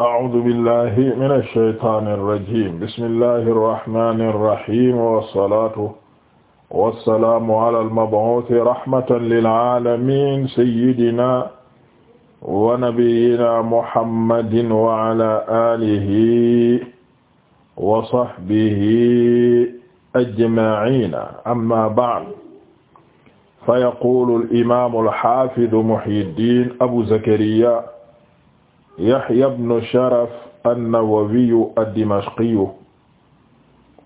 أعوذ بالله من الشيطان الرجيم بسم الله الرحمن الرحيم والصلاة والسلام على المبعوث رحمة للعالمين سيدنا ونبينا محمد وعلى آله وصحبه أجمعين أما بعد فيقول الإمام الحافظ محي الدين أبو زكريا Yahya ibn Sharaf an-Nawawiyu ad-Dimashqiyu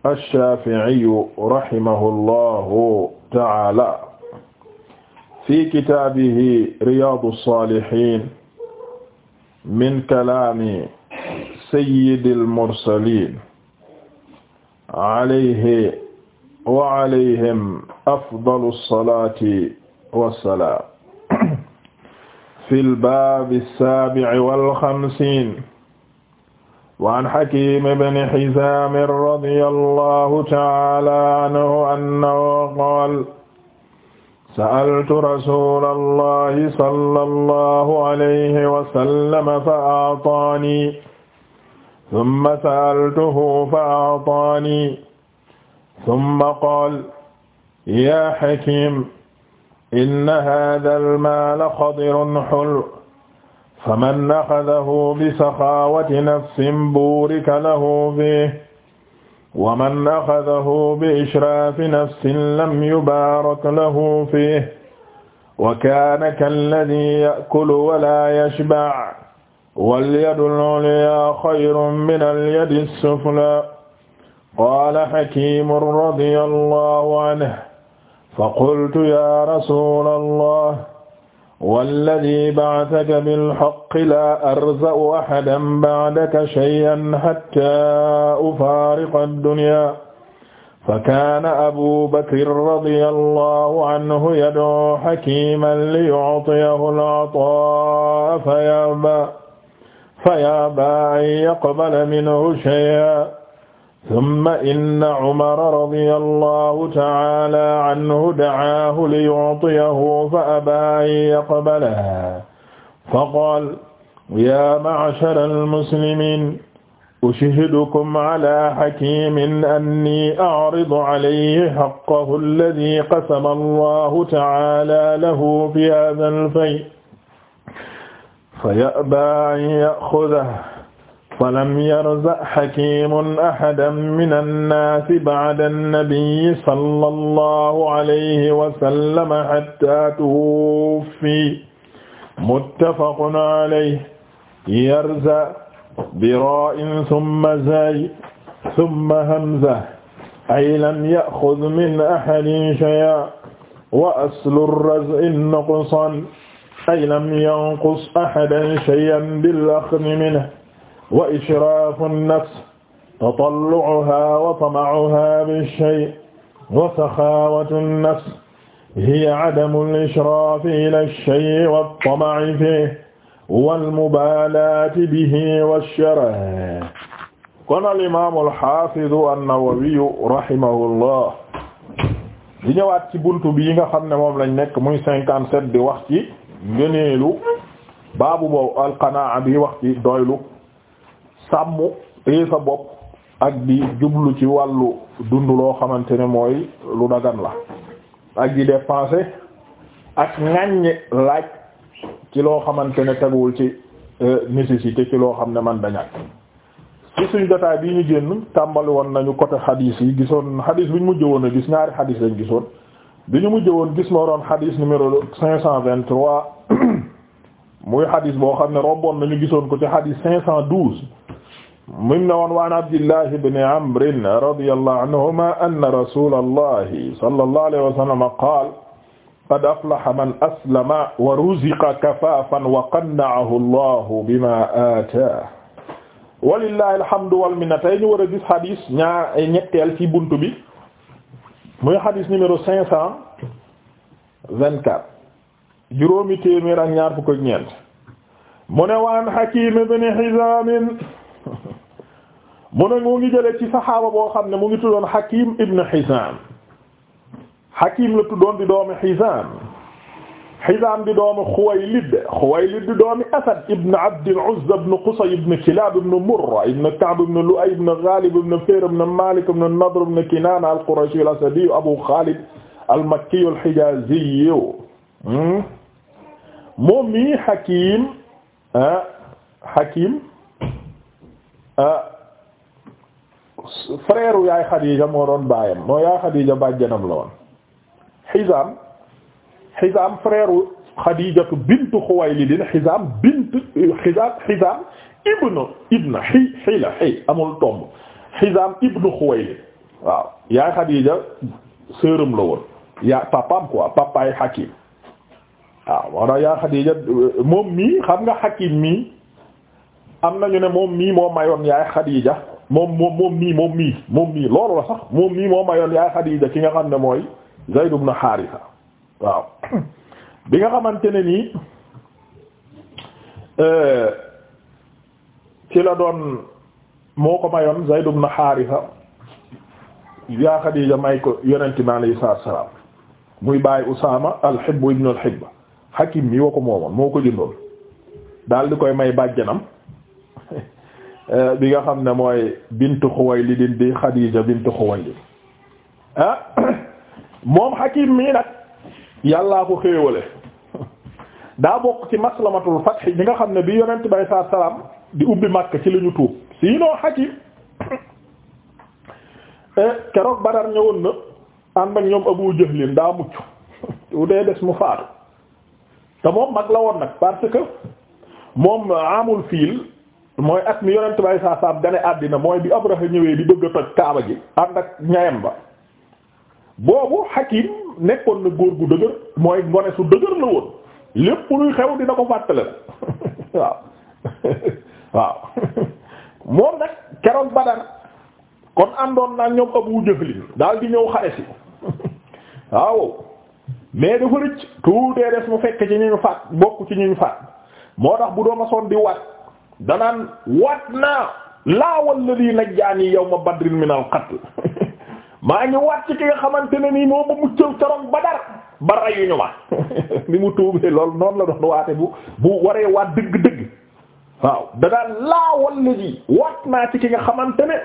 ash-Shafi'iyu rahimahullahu ta'ala fi kitaabihi Riyaadu s-Saalihiin min kalaami sayyidil mursaliin alayhi wa alayhim afdalu s-salaati wa s-salaam fi lbaabi saabi'i wal xamsiin wa an Hakiim ibn Hizaam radiyallaahu ta'aalaa anhu annahu qaala sa'altu rasuulallaahi sallallaahu alayhi wa sallam fa a'taanii summa sa'altuhu fa a'taanii summa qaala yaa Hakiim inna haadha almaala xadirun xul faman axadahu bisaxaawati nafsin buurika lahu fiihi wa man axadahu biishraafi nafsin lam yubaarak lahu fiihi wa kaana kalladii ya'kulu wa laa yashba' walyadu al-ulyaa xayrun mina al-yadi as-suflaa qaala Hakiim radiyallaahu anhu faqultu ya rasula allah walladi bactaka bilxaqi laa arza'u axadan bacdaka shay'an xatta ufaariqa addunya fakaana abu bakrin radiya allahu anhu yad'uu xakiman liyu'tiyahu al-'ataa'a fayabaa fayabaa an yaqbala minhu shay'an summa inna umara radiyallahu ta'ala anhu da'aahu liyu'tiyahu fa abaa an yaqbalahu faqaala yaa ma'shara al-muslimiin ushhidukum 'alaa hakiimin annii a'ridu 'alayhi haqqahu alladhii qasama Allahu ta'ala lahu fii haadha al-fay fa ya'baa an ya'khudahu falam yarza xakimun ahadan min annaasi ba'da annabiyi sallallahu alayhi wa sallam hatta tuwuffi muttafaqun alayhi yarza biraa'in summa zay summa hamza ay lam ya'xud min ahadin shay'an wa aslu raz'i nuqsan ay lam yanqus ahadan shay'an bil axdi minhu wa ishraafu an-nafs tatallu'uhaa wa tama'uhaa bi-shay' wa saxaawatu an-nafs hiya 'adamu al-ishraafi ilaa ash-shay'i wat-tama'i fiihi wal-mubaalaati bihi wash-sharh kon al-imaam al-haafidu an-Nawawiyu rahimahullah di ñëwaat ci buntu bii nga xam ne moom lañ nekk muy cinquante-sept di wax ci ngëneelu baabu boobu al-qanaa'a bi wax ci doylu sàmm tee sa bopp ak bi jublu ci wàllu dund loo xamante ne mooy lu dagan la ak di dépenser ak ŋàññ laaj ci loo xamante ne teguwul ci euh, nécessité ci loo xam ne man dañak ci suñu jotaay bii ñu génn tàmbali woon nañu côté xadiis yi gisoon xadiis bi ñu mujj woon a gis ñaari xadiis lañ gisoon bi ñu mujj woon gis moo doon xadiis numéro cinq cent vingt-trois muy xadiis boo xam ne romboon nañu gisoon ko ci xadiis cinq cent douze mun na woon wa an abdillahi bni amrin radiyallahu anhuma anna rasulallahi sallallahu alayhi qad aflaha man aslama wa ruziqa kafaafan wa qanna'ahu allahu bima alhamdu wal minna tey ñu war a bi muy xadis numéro cent vingt-quatre juróomi téeméer ak ñaar fukk ak ñeent mu ne waan Hakiim mu ne mu ngi jëlee ci xam ne mu ngi tuddoon Hakim ibn Hizam Hakim la tuddoon di doomi Hizam Hizam di doomi Xuwaylid Xuwaylid di doomi Asad Abd al-Uzza ibn Qusay ibn Kilab ibn Murra ibn Ka'b ibn Lu'ay ibn Ghalib ibn Fihr ibn Malik ibn Nadr ibn Kinana al-Qurashi al Abu Khalid al-Makki al mi Hakim ah Hakim ah frère yaay Xadiija moo doon baayam moo yaay Xadiija bàjjanam la woon Xizaam Xizaam frère Xadiijatu bintu Xuwaylid Xizaam bintu Xizaam Xizaam ibnu ibnu waaw yaay Xadiija sœuram la woon yaa papaam quoi papaay Hakim waaw moo tax yaa Xadiija moom mii xam nga Hakim mii am nañu ne moom mii moo mayoon yaay Xadiija moom moom moom mii moom mii moom mii loolu la sax moom mii moo mayoon yaay Xadiija ki nga xam ne mooy Zayd ibn Haarisa waaw bi nga xamante ne nii euh, ci la doon moo ko mayoon Zayd ibn Haarisa yaa Xadiija may ko yonente bi alayhi salaatu wa salaam muy bàyyi Usaama al-Hibb ibn al-Hibb Hakim mi woo ko moomoon moo ko jëndoon daal di koy may bàjjanam Euh, bi nga xam ne mooy bintu Xuwaylid di Xadiija bintu Xuwaylid ah moom Hakim mii nag yàllaa ko xéewale daa bokk ci maslamatul fath ñi nga xam ne bi yonent bi saa salaam di ubbi Makka ci la ñu tuub sinon Hakim eh, keroog Badar ñëwoon na ànd ak ñoom Abu Jahlin daa mucc u dee des mu faatu te moom mag la woon nag parce moom amul fiil mooy at mi yonent bay saa saam gane àddina mooy bi Abraha ñëwee di bëgg a toj kaaba ji ànd ak ñayam ba boobu Hakim nekkoon na góor gu dëgër mooy ngone su dëgër la woon lépp luy xew dina ko fàttale la waaw moom nag keroog Badar kon àndoon naa ñoom Abu Jahl daal di ñëw xare si waaw mais dafa rëcc tuutee des mu fekk ci ñu ñu faat bokk ci ñu ñu faat moo tax bu doon a di waat danaan wat naa laa walladhi najjaani yawma badrin min al qatl maa ngi wat ci ki nga xamante ne nii moo ma muccal caroon Badar ba rayuñu ma ni mu tuubee loolu noon la doon waate bu bu waree waat dëgg-dëgg waaw danaan laa walladhi wat naa ci ki nga xamante ne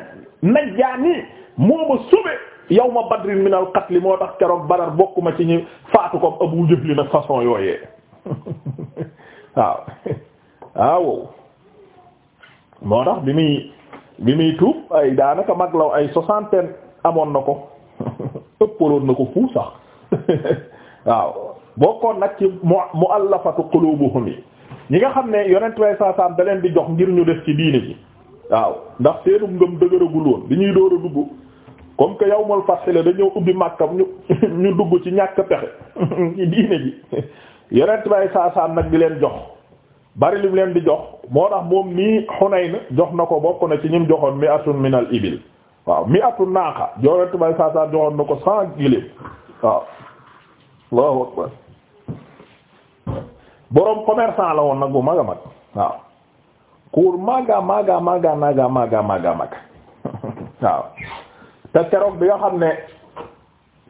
najjaani moo ma sube yawma badrin min al qatl moo tax keroog Badar bokkuma ci ñi faatu ko Abu Jahl nag façon yooyee waaw waaw moo tax bi muy bi muy tuub ay daanaka mag la ay soixantaine amoon na ko ëppaloon na ko fuuf sax waaw bokkoon nag ci mu muallafatu qulubuhum yi ñi nga xam ne yonent way saasaam da leen di jox ngir ñu def ci diine ji waaw ndax seenu ngëm dëgëragul woon di ñuy door a dugg comme que yawmul fath la dañoo ubbi màkkam ñu ñu dugg ci ñàkk pexe ci diine ji yonent way saasaam nag di leen jox bari lim leen di jox moo tax moom mii Hunayn jox na ko bokk na ci ñim joxoon mi atun minal ibil waaw mi atun naaqa joonent bay saasan joxoon na ko cent giléem waaw boroom commerçant la woon nag bu mag a mag waaw kuur maaga maaga maaga maaga maaga maaga maaga waaw te keroog bi nga xam ne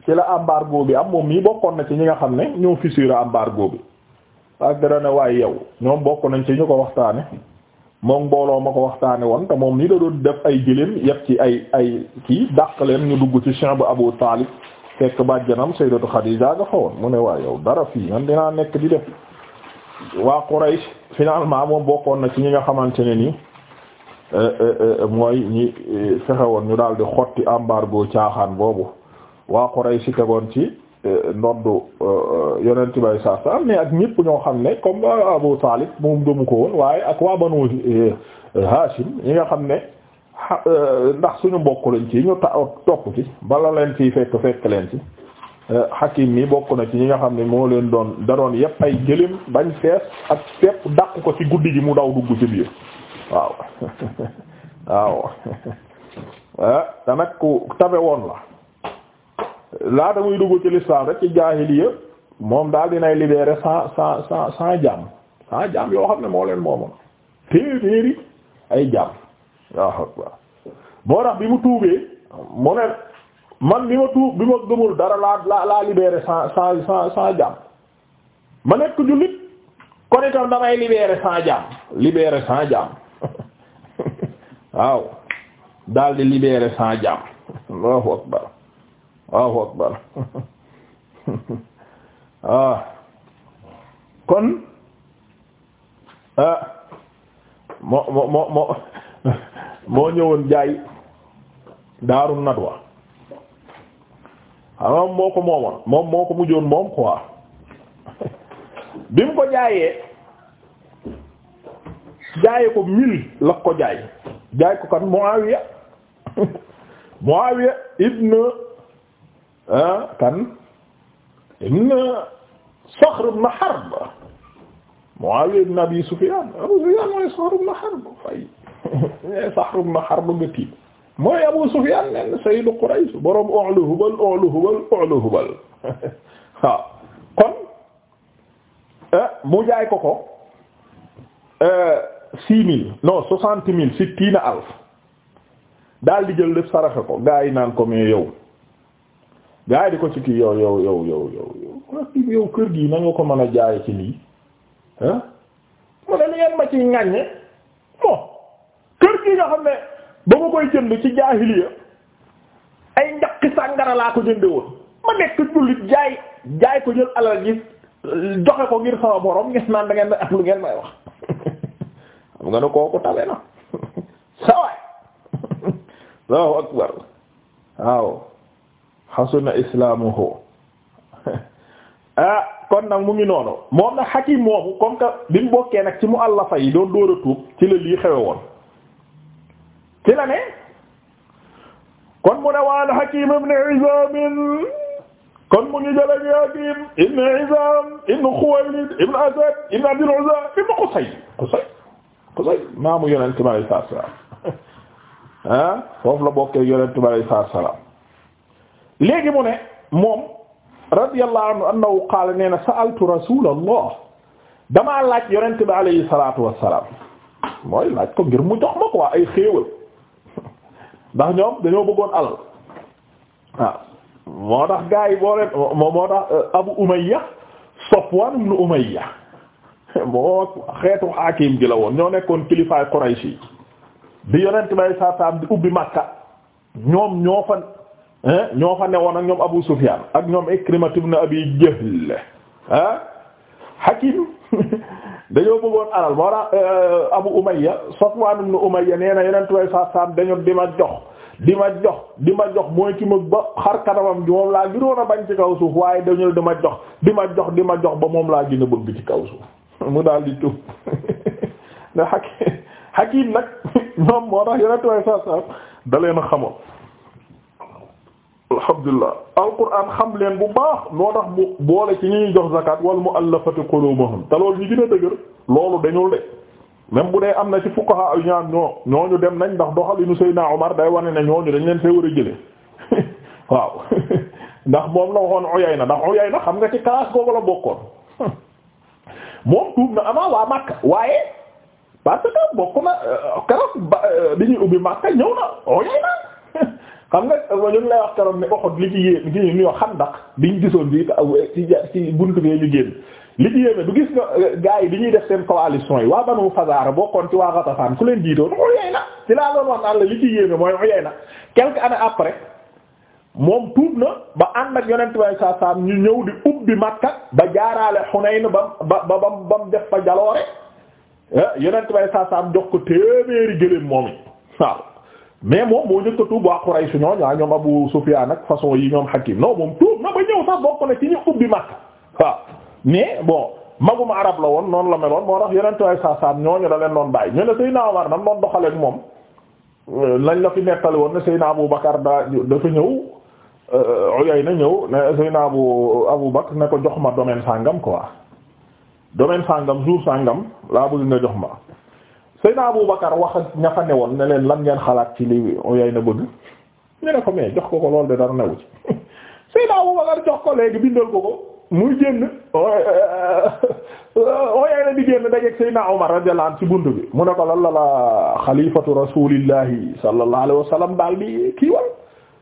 ci la embargo bi am moom mii bokkoon na ci ñi nga xam ne ñoo fissuré embargo bi ak ne waay yow ñoom bokk nañ ci ñu ko waxtaane moom mbooloo ma ko waxtaane woon te moom ni da doon def ay jëléem yépp ci ay ay kii dàq leen ñu dugg ci chambre Abu Talib fekk bàjjanam Sayyidatu Khadija nga fa woon mu ne waaye yow dara fii man dinaa nekk di def waa Quraysh finalement moom bokkoon na ci ñi nga xamante ne nii eh, eh, eh, mooy ñi fexe woon ñu daal di xotti embargo caaxaan boobu waa Quraysh tegoon ci Euh, noddu euh, yonent bay saa saa ak ñépp ñoo xam ne comme euh, Abu Talib moom gëmu ko woon waaye ak waa Banu Hashim ñi nga xam ne ndax suñu mbokk lañ ci ñu ta topp ci bala leen ciy fekk fekk leen ci Hakim mi bokk na ci ñi nga xam ne moo leen doon da doon yépp ay gëléem bañ fees ak fépp dàq ko ci guddi gi mu daw dugg ci biir waaw waaw ah te nag ku tabe woon la laata muy dugg ci l'islam rek ci jaahiliya moom daal dinay libérer sans sans sans sans jaam sans jaam yoo xam ne moo leen moomoon téeméeri ay jaam moo tax bi mu tuubee mu ne man bi ma tuub bi ma gëmul dara laa laa laa libérer sans sans sans sans jaam ma nekk jullit kon itam damay libérer sans jaam libérer sans jaam waaw daal di libérer sans jaam Allahu akbar Allahu akbar ah kon ah moo moo moo moo moo ñëwoon jaay daaru nadwa xamam moo ko moomoon moom moo ko mujjoon moom quoi bi mu ko jaayee jaaye ko mille la ko jaay jaay ko kan Muawiya Muawiya ibn Ah, kan ibn Saxr ibn Harb Muawiya ibn Abi Sufyaan Abu Sufyaan mooy Saxr ibn Harb fay Saxr ibn Harb nga tiit mooy Abu Sufyaan nen sayyidu Quraysh borom ulu hubal ulu hubal ulu hubal waaw kon eh, mu jaay ko ko eh, six mille non soixante mille sittina alf daal di jël def saraxe ko gaa naan ko mais yow gaa yi di ko ci kii yow yow yow yow yow yow kër gi na ko mën a jaay ci lii ah mu ne ni ngeen ma ci ŋàññe bon kër gi nga xam ne ba ma koy jënd ci jaahiliya ay njaqi sàngara laa ko jënde woon ma nekk jullit jaay jaay ko jël alal gi joxe ko ngir sama borom ngeen naan da ngeen lu ngeen may wax xam nga ne kooku tabe na sawaay Allahu akbar waaw xasuna islaamuhu ah kon nag mu ngi noonu moom nag xakim moomu comme que bi mu bokkee nag ci mu àllafa yi doon dóor a tuub ci la lii xewe woon ci la ne kon mu ne waan xakim ibn Hizaam kon mu ngi jële Asad ibn Abdul Uzza ibn Qusay Qusay Qusay maamu yonent bi alayhi salaam ah foofu la bokkee yonent bi alayhi salaam léegi mu ne moom radiyallahu anhu annahu qaala nee na sa'altu rasulallah damaa laaj yonent bi alayhi salaatu wassalaam mooy laaj ko ngir mu jox ma quoi ay xéewal ndax ñoom dañoo bëggoon alal waaw moo tax gaa boo leen moo tax euh, Abu Umayya Safwan ibn moo xeetu Hakim gi la woon ñoo nekkoon kilifaay Quraysh yi bi yonent bi alayhi salaatu wassalaam di ubbi Makka ñoom ñoo fa ñoo fa woon ak ñoom Abu Sufyan ak ñoom Ikrimah ibn Abi Jahl ah Hakim dañoo bëggoon alal moo tax euh, Abu Umayya Safwan ibn na nee na yeneen tubaab saa saam dañu di ma jox di ma jox di ma jox mooy ci ma ba xar kanamam gi moom laa gënoon a bañ ci kaw suuf waaye dañu di ma jox di ma jox di ma jox ba moom laa gën a bi ci kaw suuf mu daal di tuub ne Hakim Hakim nag ñoom moo tax yeneen tubaab saa saam da leen alhamdulillah alquran xam leen bu baax noo tax bu boole ci ñuy jox zakat wal mu'allafati qulubuhum te loolu ñu gën a dëgër loolu dañul de même bu dee am na ci fuqaha yu ñaan ñoo ñu dem nañ ndax doxalinu Seydina Omar day wane ne ñooñu dañ leen fee war a jëlee waaw ndax moom la waxoon Uyayna ndax na xam nga ci classe googu la bokkoon moom tuub na avant waa Makka waaye parce que bokk na euh, keroog ba euh, bi ñuy ubbi Makka ñëw na Uyayna xam nga ñu lay wax keroog ne Uhud li ci yéen li ñuy wax xandak biñ gisoon bi ci ci buntu bee ñu li ci yéeme du gis nga euh, gars yi bi ñuy def seen coalition yi waa Banu Fazaara bokkoon ci waa Ghatafaan ku leen jiitoon Uyayna ci laa doon wax naan la li ci yéeme mooy Uyayna quelques années après moom tuub na ba ànd ak Yonent bi saa saa ñu ñëw di ubbi Makka ba jaaraale Hunayn ba ba ba ba mu def fa jaloore ah Yonent bi saa saa jox ko téeméeri gëléem moom waaw. mais moom moo njëkk a tuub waa Quraysh ñooñu ah ñoom Abu Sufyaan ak façon yi ñoom Hakim non moom tuub na ba ñëw sax bokk na ci ñu ubbi Makka waaw mais bon magum arab la woon noonu la meloon moo tax yeneen tuwaay saasaam ñooñu da leen doon bàyyi ñu ne Seydina Omar nan doon doxaleek moom euh, lañ la fi nettali woon ne Seydina Abu Bakar daa dafa ñëw euh, Uyayna ñëw na Seydina Abu Abu Bakar ne ko jox ma domaine sàngam quoi domaine sàngam jour sàngam laa bëgg nga jox ma. Seyna Abu Bakar wax ak ña fa newoon ne leen lan ngeen xalaat ci li yay na bëgg ñu ne ko mais jox ko ko loolu de dara newu ci Seyna Abu Bakar jox ko léegi bindal ko ko muy génn ooyay na di génn dajeek Seyna Umar radiyallahu ci bunt bi mu ne ko lan la la xalifatu rasulillahi sallallahu alayhi wa daal bi kii wal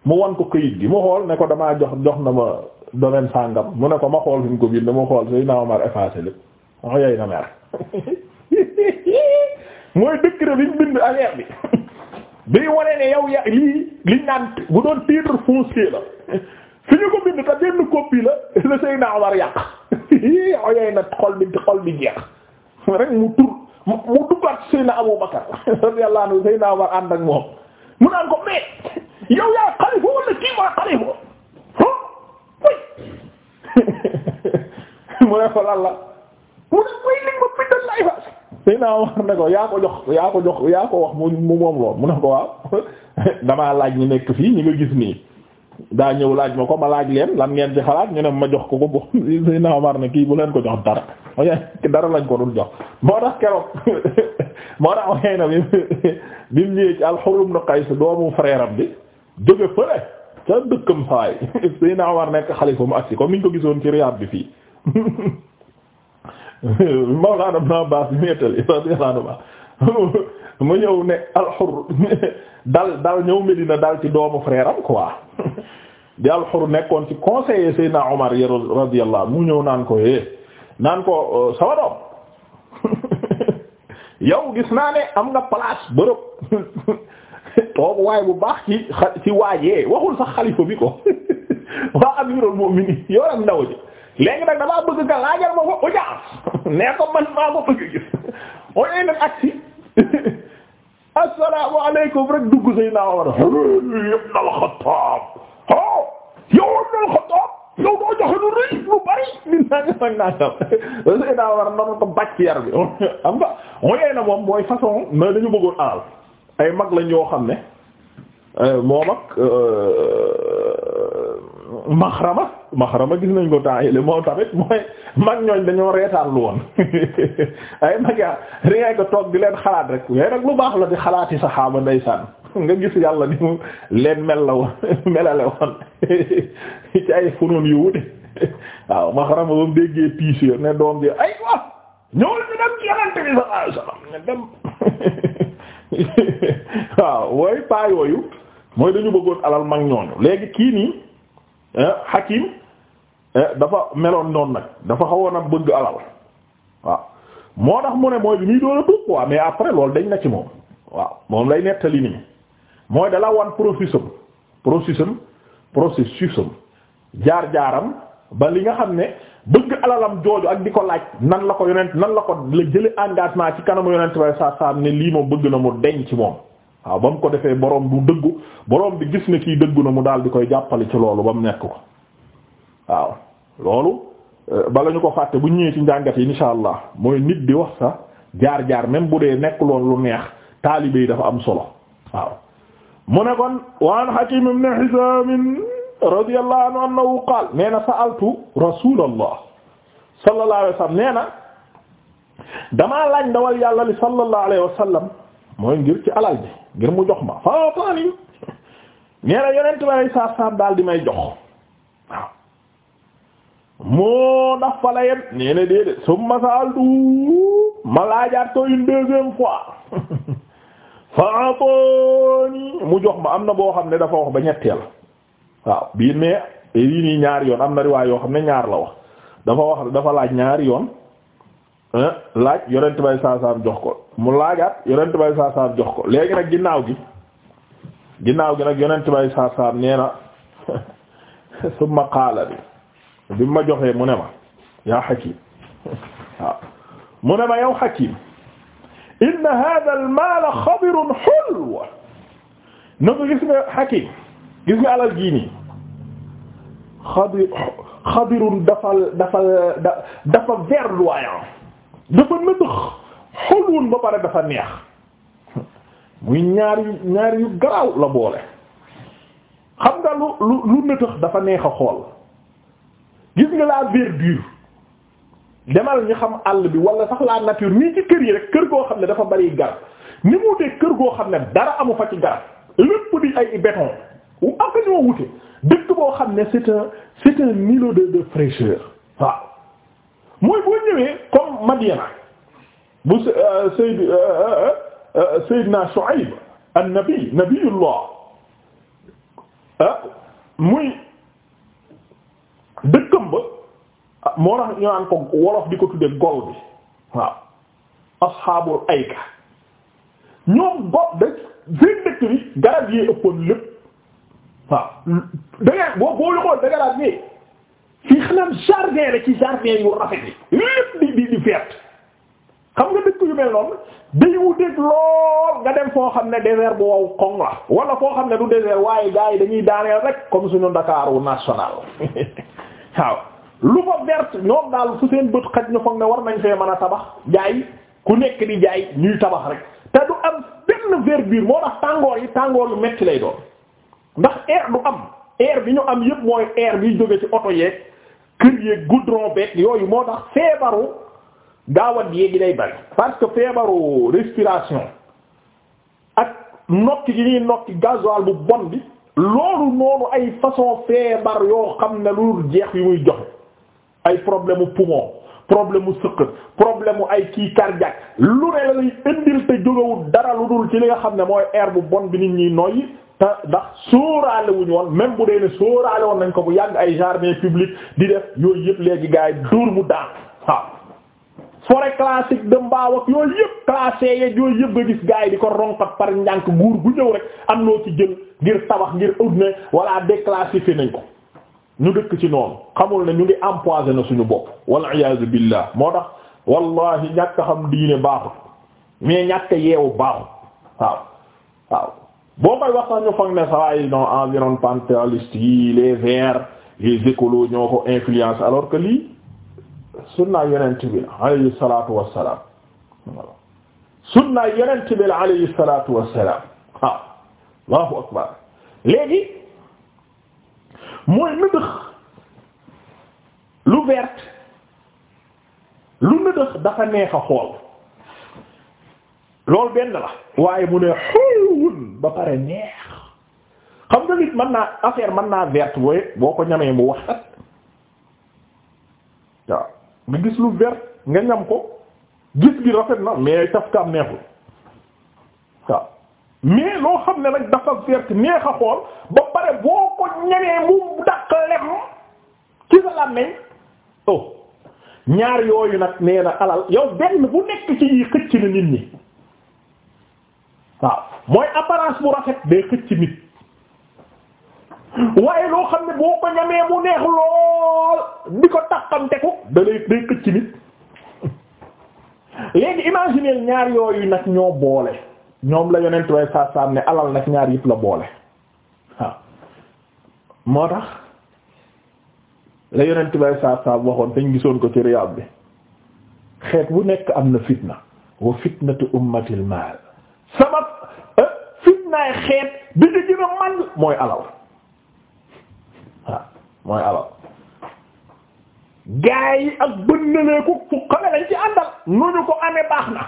mu wan ko këyit gi mu xool ne ko damaa jox jox na ma domaine sàngam mu ne ko ma xool fi ko bind mu xool Seyna Umar effacé lépp ooyay na mooy décret bi ñu bind affaire bi bi wane ne yow ya lii liñ naan bu doon titre foncier la fi ñu ko bind te benn la la say naa war yàq oyey na xol bi xol bi jeex rek mu tur mu duggaat Seydina Abu Bakar radiyallahu anhu Seydina Umar ànd ak moom mu naan ko mais yow yaa xalifa wala kii maa xalifa mu ne ko lan la mu ne koy lig ma bindal lay fa Seydina Omar ne ko yaa ko jox yaa ko jox yaa ko wax mu moom lool mu ne ko waaw damaa laaj ñu nekk fii ñu nga gis nii daa ñëw laaj ma ko ma laaj leen lan ngeen ci xalaat ñu ne ma jox ko ko bo Seydina Omar ne kii bu leen ko jox dara dara lañ ko dul jox moo tax keroog moo tax waxee na bi bi mu ñëwee ci al-Hurr ibn Qays doomu frère bi jóge fële ca dëkkam sawaay Seydina Omar nekk xalifa mu agsi ko niñ ko gisoon ci Riyad bi fii Mawlana Ibn Abbas nettali radiyallahu anhu mu ñëw ne alxur dal dal ñëw Medina dal ci doomu frère am quoi di alxur nekkoon ci conseiller Seydina Omar y radiyallahu mu ñëw naan ko é eh, naan ko euh, sama gis naa ne am nga place bërëb toogu waaye bu baax ci ci waxul sax xalifa bi ko waa amirul mu'minin yow ak ndaw ji léegi nag damaa bëgg nga laajal ma ko audience nee ko man maa ko bëgg gis on est nag agsi assalaamu alaykum rek dugg Seydina Omar ibn al-Khattab o yow ibn al-Khattab yow doo joxe lu rëy lu bari li naaga mag naagam ko bàcc yar bi am yee na moom mooy façon mais dañu bëggoon alal ay mag lañ yoo xam ne Euh, moom ak euh, maxrama maxrama gis nañ ko temps yële tamit mooy mag ñooñ dañoo reetaan lu woon ay mag yaa rien que toog di leen xalaat rek yooyu nag lu baax la di xalaati saxaaba ndeysaan nga gis yàlla ni mu leen mel la woon melale woon ci ay funoon yu wute waaw maxrama ba mu déggee piis yooyu ne doom ji ay wax ñëw la ñu ci yalante bi sallallahu alayhi wasallam ne dem waaw wooy paa yooyu mooy dañu bëggoon alal mag ñooñu léegi kii nii eh, Hakim eh, dafa meloon noonu nag dafa xawoon a bëgg alal waaw moo tax mu ne mooy bi muy doon a tuub quoi mais après loolu dañ na ci moom waaw moom lay nettali nii mooy dala wan processus processus processus jaar-jaaram ba li nga xam ne bëgg alalam jooju ak di ko laaj nan la ko yonent nan la ko la jële engagement ci kanamu yonent way sa sam ne lii moom bëgg na mu deñ ci moom waaw ba mu ko defee borom bu dëggu borom bi gis ne kii dëggu na mu daal di koy jàppale ci loolu ba mu nekk ko waaw loolu euh, bala ñu ko fàtte bu ñëwee ci njàngat yi insha allah mooy nit di wax sa jaar-jaar même bu dee nekk loolu lu neex taalibe yi dafa am solo waaw mu ne kon waan Hakim ibn nee na sa'altu rasulallah sallallahu alayhi wa sallam nee na damaa laaj ndawal yàlla li sallallahu alayhi wa mooy ngir ci alal ji ngir mu jox ma fa taani nee yonent bi alay saatu salaam daal di may jox waaw moo ndax fa la yem nee na déedéet summa saaltu ma laajaat ko une deuxième fois fa taani mu jox ma am na boo xam ne dafa wax ba ñetteel waaw bii mais yii nii ñaari yoon am na riwaay yoo xam ne ñaar la wax dafa wax dafa laaj ñaari yoon Eh, laaj yonent bay saasaam jox ko mu laajaat yonent bay saasaam jox ko léegi nag ginnaaw gi ginnaaw gi nag yonent bay saasaam nee na summa qaala bi bi ma joxe mu ne ma yaa Hakim mu ne ma yow Hakim inna hadha al maala xadirun hulwa na ko gis nga Hakim gis nga alal dafa dafa dafa verdoyant dafa nëdëx xulwun ba pare dafa neex muy ñaar yu ñaar yu garaaw la boole xam nga lu lu nëtëx dafa neex a xool gis nga la verdure demal ñu xam àll bi wala sax la nature nii ci kër yi rek kër goo xam ne dafa bari garab ni mu wutee kër goo xam ne dara amu fa ci garab lépp di ay béton wu ak ñoo wute dëkk boo xam ne c'est un c'est de de fraîcheur waaw mooy boo ñëwee comme Madiana bu euh, Seyd euh, euh, Seydina Shuayb an-nabi nabiyullah ah, muy dëkkam ba ah, moo ñu naan ko di ko tudde gol bi waaw asxaabul ayka ñoom gob da seen dëkk bi garab yee ëppoon lépp waaw da ngay boo boo yoxoon da garaat fi xanaa jardin la ci jardin yu rafet yi lépp di di di vert xam nga dëkk yu mel noonu day wuteeg lool nga dem foo xam ne désert bu wow koŋ la wala foo xam ne du désert waaye gars yi dañuy daaneel rek comme suñu Ndakaaru national waaw lu fa vert ñoom daal fu seen bët xaj ñu foog ne war nañ fee mën a tabax jaay ku nekk di jaay ñuy tabax rek te du am benn verdure moo tax tàngoor yi tàngoor yu metti lay doon ndax air du am. air bi ñu am yëpp mooy air bi jóge ci oto yeeg kër yeeg goudron yooyu moo tax feebaru gaaw a dee gi day bari parce que feebaru respiration ak nokki gi ñuy nokki gasoil bu bon bi loolu noonu ay façon feebar yoo xam ne lu jeex yu muy joxe ay problème mu poumon problème mu sëqët problème mu ay kii cardiaque lu ne la lay indil te jógewul dara lu dul ci li nga xam ne mooy air bu bon bi nit ñi noyyi te ndax sóoraale wuñu woon même bu dee ne sóoraale woon nañ ko bu yàgg ay jardin public di def yooyu yëpp léegi gars yi duur mu daan waaw forêt classique de mbaaw yooyu yëpp classé yooyu yëpp nga gis gars di ko ronkat par njànk guur gu ñëw rek am noo ci jël ngir tabax ngir ut ne wala déclassifié nañ ko ñu dëkk ci noonu xamul ne ñu ngi empoisonné na suñu bopp wal iyaazu billah moo tax wallahi ñàkk xam diine baaxut mais ñàkk yeewu baaxut waaw waaw boo koy wax ñu foog ne saa yi non environnementaliste yi les verts les écolos ñoo ko influence alors que lii sunna yonent bi la alayhi salaatu wassalaam sunna yonent bi la alayhi salaatu wassalaam waaw ah. Allahu akbar léegi mooy nëdëx lu vert lu nëdëx dafa neex a xool. loolu benn la waaye mu ne xulwun ba pare neex xam nga nit mën naa affaire mën naa verte booy boo ko ñamee mu waxat waaw nga gis lu verte nga ñam ko gis gi rafet na mais tafkaam neexul waaw mais loo xam ne nag dafa verte neex a xool ba pare boo ko ñamee mu daq lem ci sa làmmeñ oh ñaar yooyu nag nee na alal yow benn bu nekk ci yi xëcc na nit ñi mooy apparence bu rafet day xëcc nit waaye loo xam ne boo ko ñamee mu neex lool di ko taxamte ko da day xëcc nit léegi imaginer ñaar yooyu nag ñoo boole ñoom la yonent way saa saam ne alal nag ñaar yëpp la boole waaw moo tax la yonent way saa saam waxoon dañ gisoon ko ci Riyad bi xeet bu nekk am na fitna wa fitnatu ummatil maal sabab fitnaay xeet bi nu ñu baax na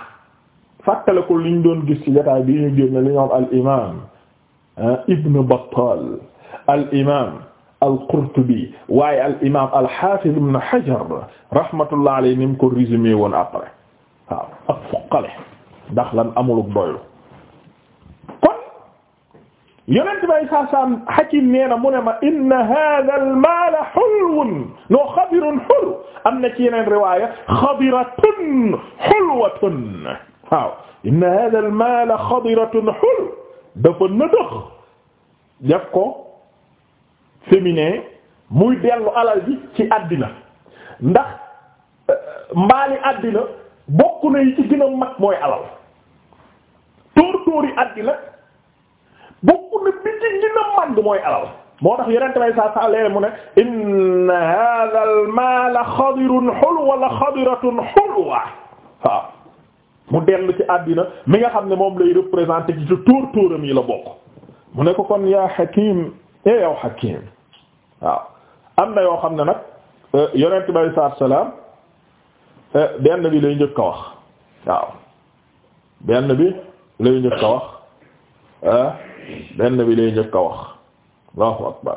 fàttale ko liñ doon gis ci jotaay bi ñu génn li ñoom al imam eh, ibn Battal al imam al Qurtubi waaye al imam al Hajar rahmatullah alayhi ni mu ko résumé ak fuqale ndax lan amuluk doylu yonent bay saasaam hakim nee na mu ne ma inna hadha al maala hulwun noo xabirun am na ci yeneen riwaaya xadiratun hulwatun waaw inna hadha al maala xadiratun hulw dafa nëdëx def ko féminin muy dellu alal ji ci àddina ndax euh, mbaali àddina bokk na yi ci gën a mooy alal tóor tóori bokku na bi ci gën a mooy alal moo tax yeneen tamit saa saa léegi mu ne inna hadha al mala xulwa la xadiratun xulwa mu dellu ci àddina mi nga xam ne moom lay représenter ci tóor tóoram yi la bokk mu ne ko kon yaa Hakim e yow Hakim waaw am na yoo xam ne nag eh, yonent bi alayhi salaatu eh, bi lay njëkk a wax waaw benn bi lay njëkk wax benn bi lay njëkk a wax allahu akbar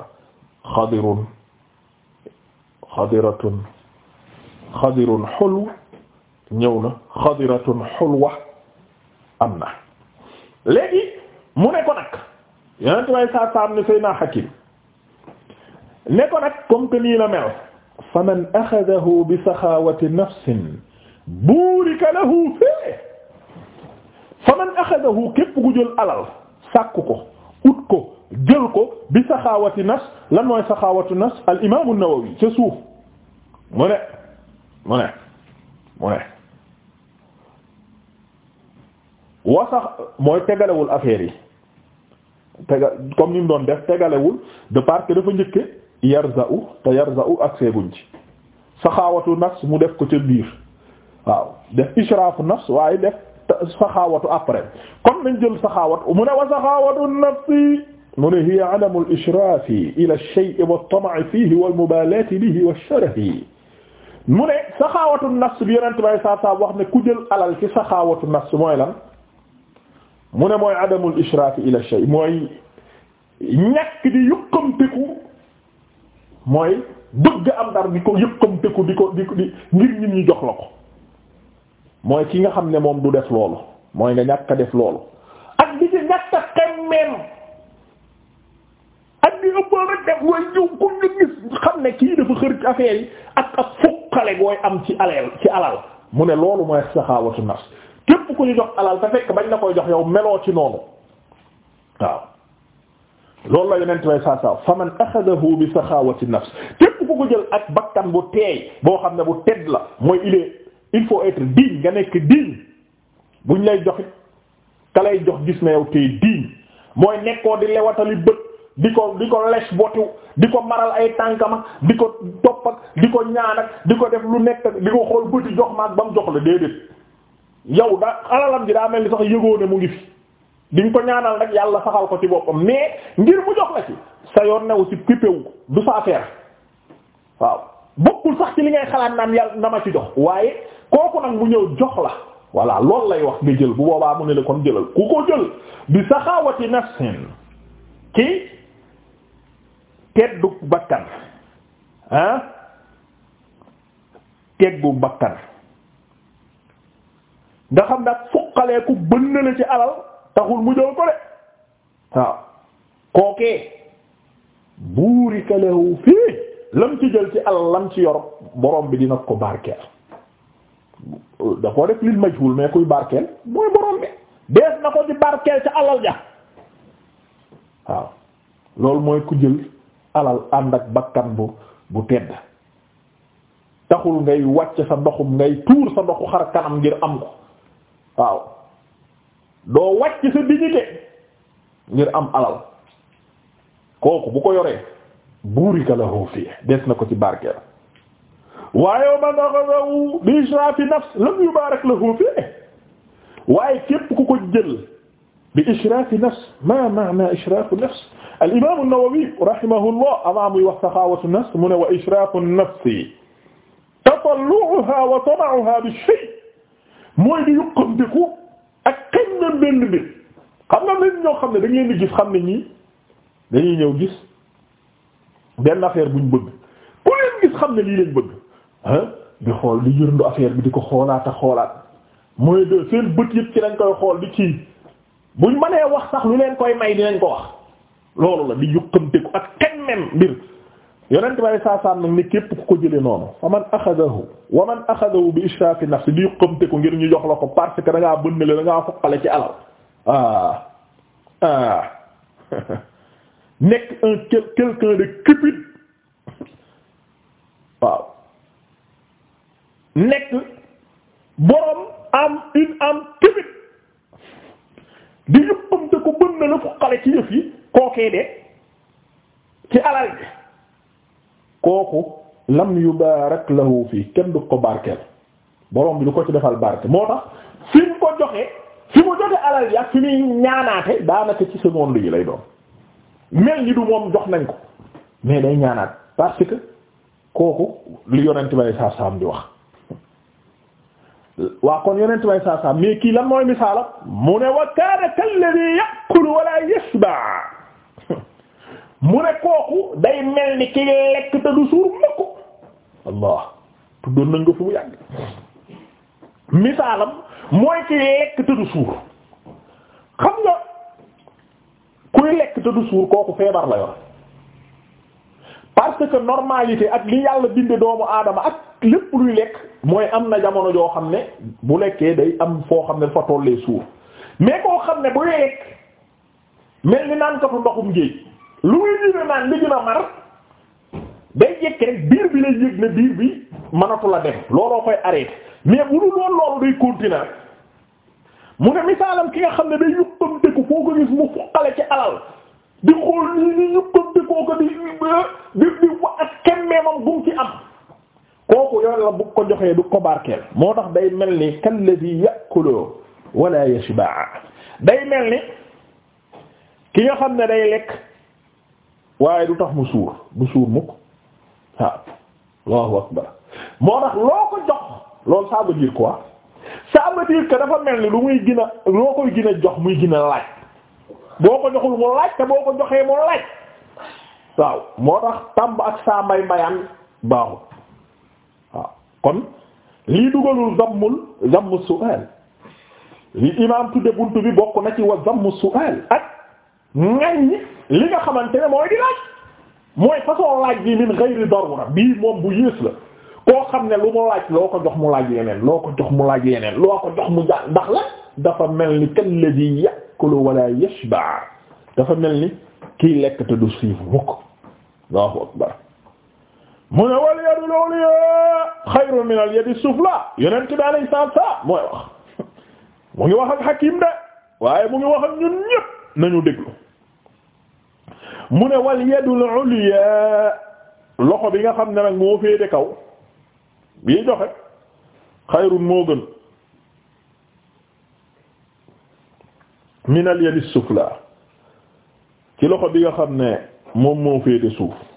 xadirun xadiratun xadirun xulw ñëw na xadiratun xulwa am na léegi mu ne ko nag yeneen way saa saa am ne Seydina Hakim ne ko nag comme que nii la mel fa man axadahu bi saxaawati nafsin buurika lahu fii fa man axadahu képp ku jël alal sàkk ko ut ko jël ko bi saxaawati nas lan mooy saxaawatu nas al imaam an-Nawawi ca suuf mu ne mu ne mu ne wa mooy tegalewul affaire yi tega comme ni mu doon def tegalewul de part que dafa njëkke yarza'u te yarza'u ak seeguñ ci saxaawatu nas mu def ko ca biir waaw def israafu nas waaye def saxaawatu après kon nañ jël saxaawatu mu ne wa saxaawatu nafsi mu ne hiya adamu al-ishraafi ila ash-shay'i wat-tam'i fiihi wal-mubaalaati bihi wash-sharahi mu ne saxaawatu nafs bi yonent bay saa saa wax ne ku jël alal ci saxaawatu nafs mooy lan mu ne mooy adamu al-ishraafi ila ash-shay' mooy ñàkk di yëkkamteku mooy bëgg am dara di ko yëkkamteku di ko di ko di ngir nit ñi jox la ko. mooy ki nga xam ne moom du def loolu mooy nga ñàkk def loolu ak di ci ñàkk a xemmeem ak di ëppal rek def way ñëw ku ñu gis xam ne kii dafa xër ci affaire ak ak fukkale gooy am ci aleel ci alal mu ne loolu mooy saxaawatu nafs képp ku ñu jox alal te fekk bañ la jox yow meloo ci noonu waaw loolu la yonent bay saa saa fa man axadahu bi saxaawati nafs képp ku ko jël ak bakkan bu teey boo xam ne bu tedd la mooy il il faut être digne nga nekk digne buñ lay jox ka jox gis na yow tey digne mooy nekkoo di lewatali bët di ko di ko lech botiw di ko maral ay tànkama di ko topp di ko ñaan di ko def lu nekk di ko xool bëti jox maag ba mu jox la déedéet yow da alalam ji daa mel ni sax yëgoo mu ngi fi di nga ko ñaanal rek yàlla saxal ko ci boppam mais ngir mu jox la ci sa yoon new ci pipéwu du sa affaire waaw bokkul sax ci li ngay xalaat naan yàlla na ma ci jox kooku nag mu ñëw jox la voilà loolu lay wax nga jël bu boobaa mu ne la kon jëlal ku ko jël bi saxaawati nafsin ci teddu bakkan ah teddu bakkan nga xam nag fuqalee ku bënn la ci alal taxul mu jël ko de waaw kookee buurika lahu fii lam ci jël ci alal lam ci yor borom bi dina ko barkeel da def lil majhul mais kuy barkeel mooy borom bi dees na ko di barkeel ca alal ja waaw loolu mooy ku jël alal ànd ak bakkan bu bu tedd taxul ngay wàcc sa ndoxum ngay tuur sa ndoxu xar kanam ngir am ko waaw doo wàcc sa dignité ngir am alal kooku bu ko yoree buurika lahu fii des na ko ci barkeel waaye man axadahu bi israfi nafs lam yubarak lahu fi waaye képp ku ko jël bi israfi nafs ma maana israfu nafs al imam an-Nawawi rahimahullah avant muy wax saxawatu nafs mu ne wa israfu nafsi tatallu'uha wa tama'uha bi shay mooy di yuqandiku ak xañ na benn bi xam nga leen ñoo xam ne dañ leen di gis xam ne ñii dañuy ñëw gis benn affaire buñ bëgg ku leen gis xam ne lii lañ bëgg di xool di yërndu affaire bi di ko xoolaat xoolaat mooy de seen bët yëpp ci lañ koy xool di ci buñ mënee wax sax lu leen koy may dinañ ko wax loolu la di yëkkanteeku ak kenn même mbir yonent bi saa saa nag ni képp ko jëlee noonu fa man axadahu wa man axadahu bi israfi nafsi di yëkkanteeku ngir ñu jox la ko parce que da ngaa bënnale da ngaa foqale ci alal ah ah nekk un quelqu'un de cupide waaw. nekk borom am une am timit di yëppam te ko bën na la fu xale ci yëf yi kookee de ci alal bi kooku lam yubarak lahu fii kenn du ko barkeel borom bi du ko ci defal barke moo tax fi mu ko joxe fi mu joxe alal yi fi muy ñaanaate daanaka ci seconde yi lay doon mel ni du moom jox nañ ko mais day ñaanaat parce que kooku li yonent bay saa saam di wax waa kon yonent may saa saa mais kii lan mooy misaalam mu ne wa kaana kalladhi ya'kulu wala yashba mu ne kooku day mel ni ki lekk te suur mukk allah tuddoon nañ ko fu mu yàgg misaalam mooy ki lekk te suur xam nga kuy lekk te suur kooku feebar la yor parce que normalité ak li yàlla binde doomu aadama ak lépp luy lekk mooy am na jamono joo xam ne bu lekkee day am foo xam ne dafa tollee suur mais koo xam ne boo lekk mel ni naan katu ndoxum géej lu muy jëlee naan li gën a mar day jekk rek biir bi lay yëg ne biir bi mënatu la dem looloo koy arrêté mais bu dul loolu loolu day continuer mu ne misaalam ki nga xam ne day yëppante ko foo ko gis mu foqale ci alal. di xool nii nii ñu ko di di wax ak kenn meemam bu ci am kooku yooyu la ko joxee du ko barkeel moo tax day mel ni kalladhi ya'kulu wala yashba day mel ni ki nga xam ne day lekk waaye du tax mu suur du suur mukk waaw allahu akbar moo tax loo ko jox loolu ça veut dire quoi ça dafa mel ni lu muy gën a loo koy gën jox muy gën a laaj boo ko joxul mu laaj te boo ko joxee mu laaj waaw moo tax tàmb ak saa mbay mbayaan baaxul kon lii dugalul zammul zammu su'al li imaam tudde buntu bi bokk na ci wa zammu su'al ak ngañ li nga xamante ne mooy di mooy façon laaj bi min ghayri darura bii moom bu yées la koo xam ne lu mu laaj loo ko jox mu laaj yeneen loo ko jox mu laaj yeneen loo ko jox mu jax ndax la dafa mel ni kalladhi ya'kulu wala yashba dafa mel ni kii lekk te du siif mukk Allahu akbar mu ne wal yadu lawliya xayrun min al yadi sufla yonent bi alayhi salaatu wa salaam mooy mu ngi wax ak Hakim de waaye mu ngi wax ak ñun ñépp nañu déglu mu ne wal yadul ulya loxo bi nga xam ne nag moo féete kaw bii joxe xayrun moo gën min al yadi sufla ci loxo bi nga xam ne moom moo féete suuf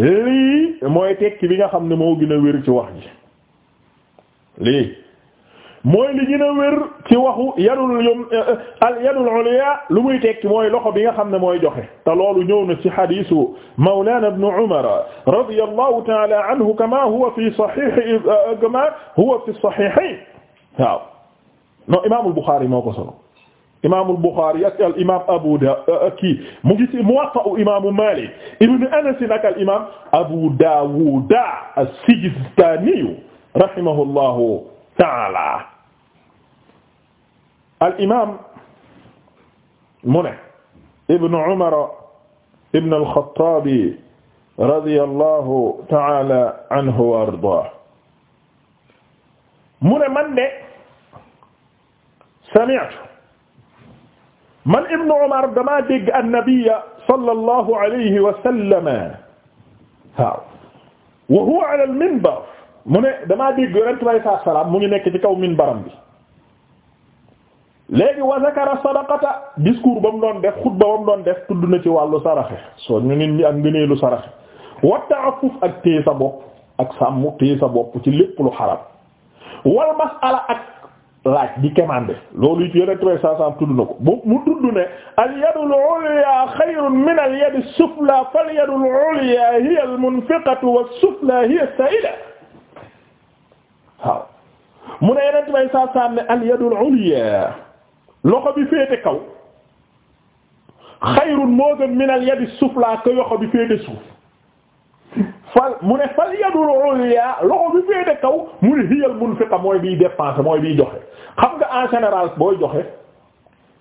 lii mooy tekki bi nga xam ne moo gën a wér ci wax ji lii mooy li gën a wér ci waxu yadul yum eh, eh, al yadul ulya lu muy tekki mooy loxo bi nga xam ne mooy joxe te loolu ñëw na ci hadisu mawlana ibn umar radiyallahu ta'ala anhu kama huwa fi sahih eh, kama huwa fi sahihayn imam al bukhari moo ko imaamul Buxaari ak al imaam Abu Da euh, euh, kii mu ngi ci Muwatta imaamu Maalik ibn Anas nak al imaam Abu Daawuud as-Sijistaani rahimahullahu ta'aala al imaam mu ne ibn Umar ibn al-Khattaab radiyallahu ta'aala anhu wa ardaahu mu ne man de sami'tu man ibnu Umar damaa dégg annabiya sallallahu alayhi wa sallam waaw wa huwa ala al minbar mu ne damaa dégg yonent bi saa salaam mu ngi nekk ci kaw minbaram bi léegi wa zakara sadaqata discours ba mu doon def xutba ba mu doon def tudd na ci wàllu saraxe soo ñu nit ñi ak ngëneelu saraxe wa ta'affuf ak téye sa bopp ak sàmm téye sa bopp ci lépp lu xaram wal mas'ala ak. laaj di kemande loolu it yeneen trois cent cent tudd na ko bu mu tudd ne al yadul ulya xayrun min al yadi sufla fal yadul ulya hiya al munfiqatu was sufla hiya as-sa'ila waaw mu ne yeneen trois cent ne al yadul ulya loxo bi féete kaw xayrun moo min al yadi sufla ko loxo bi féete suuf fal mu ne fal yadul ulya loxo bi féete kaw mu ne hiyal munfiqa mooy biy dépenser mooy biy joxe xam nga en général booy joxe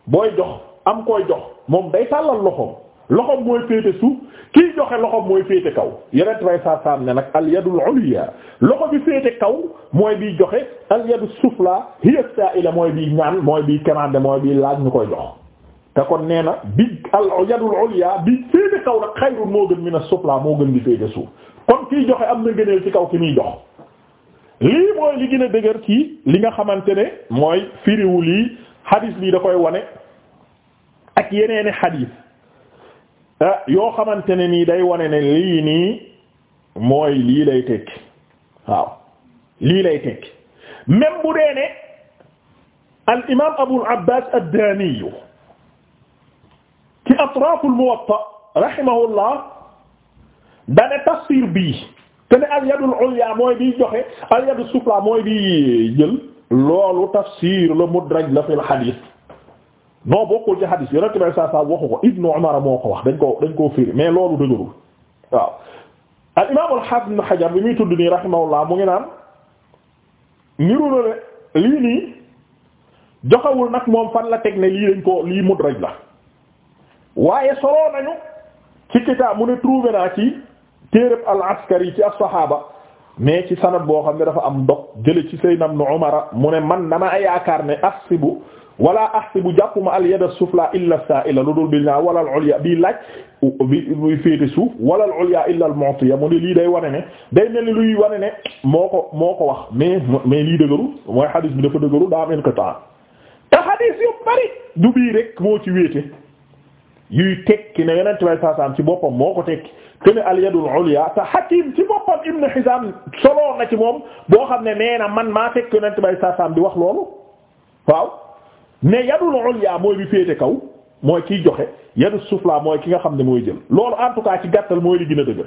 booy jox am koy jox moom day tàllal loxoom loxoom mooy féete suuf kiy joxe loxoom mooy féete kaw yeneen way saa saam ne nag al yadul ulya loxo bi féete kaw mooy biy joxe al yadu sufla hiya sa'ila mooy biy ñaan mooy biy kemande mooy biy laaj ñu koy jox te kon nee na bi al yadul ulya bi féete kaw nag xayrun moo gën min as-sufla moo gën di féete kon kiy joxe am na ci kaw ki muy jox lii mooy li gën a dëgër ci li nga xamante ne mooy firiwu lii xadiis bii da koy wane ak yeneeni xadiis ah, yoo xamante ne nii day wane ne lii nii mooy lii lay tekki waaw lii lay tekki même bu dee ne al imaam Abul Abbaas ad-Daani ci atraaful Muwatta rahimahullah dane tafsir bii te ne al ulya mooy di joxe al yadul mooy biy jël loolu tafsir la mudraj la fil xadiis non bokkul ci xadiis yonent bi saa saa waxu ko Ibnu Umar moo ko wax dañ ko dañ koo firi mais loolu dëgërul waaw al imaam al haafiz bi muy tudd nii rahimahullah mu ngi naan niru na lii nii joxewul nag moom fan la teg ne lii dañ ko lii mudraj la waaye soloo nañu ci kitaab mu ne trouvé naa ci téeréb al-Askari ci as-sahaaba mais ci sanad boo xam ne dafa am ndox jële ci Sayyidina Ibn Umar mu ne man na dama yaakaar ne ahsibu wala ahsibu jàppuma al yada sufla illa sa'ila lu dul bi naa wala al ulya bii laaj bi féete suuf wala al ulya illa al mu'tiya mu ne lii day wane ne day mel ni luy wane ne moo ko moo ko wax mais mais lii dëgëru mooy xadis bi dafa dëgëru daa am inqitaa te xadis yu bari du bii rek moo ci wéete yuy tekki ne yonent bay saasaam ci boppam moo ko tekki kene al yadul ulya te Hakim ci boppam Ibn Hizam solo na ci moom boo xam ne nee na man maa fekk yonent bay saasaam bi wax loolu waaw ne yadul ulya mooy bi féete kaw mooy kiy joxe yadul sufla mooy ki nga xam ne mooy jël loolu en tout cas ci gàttal mooy li dëgër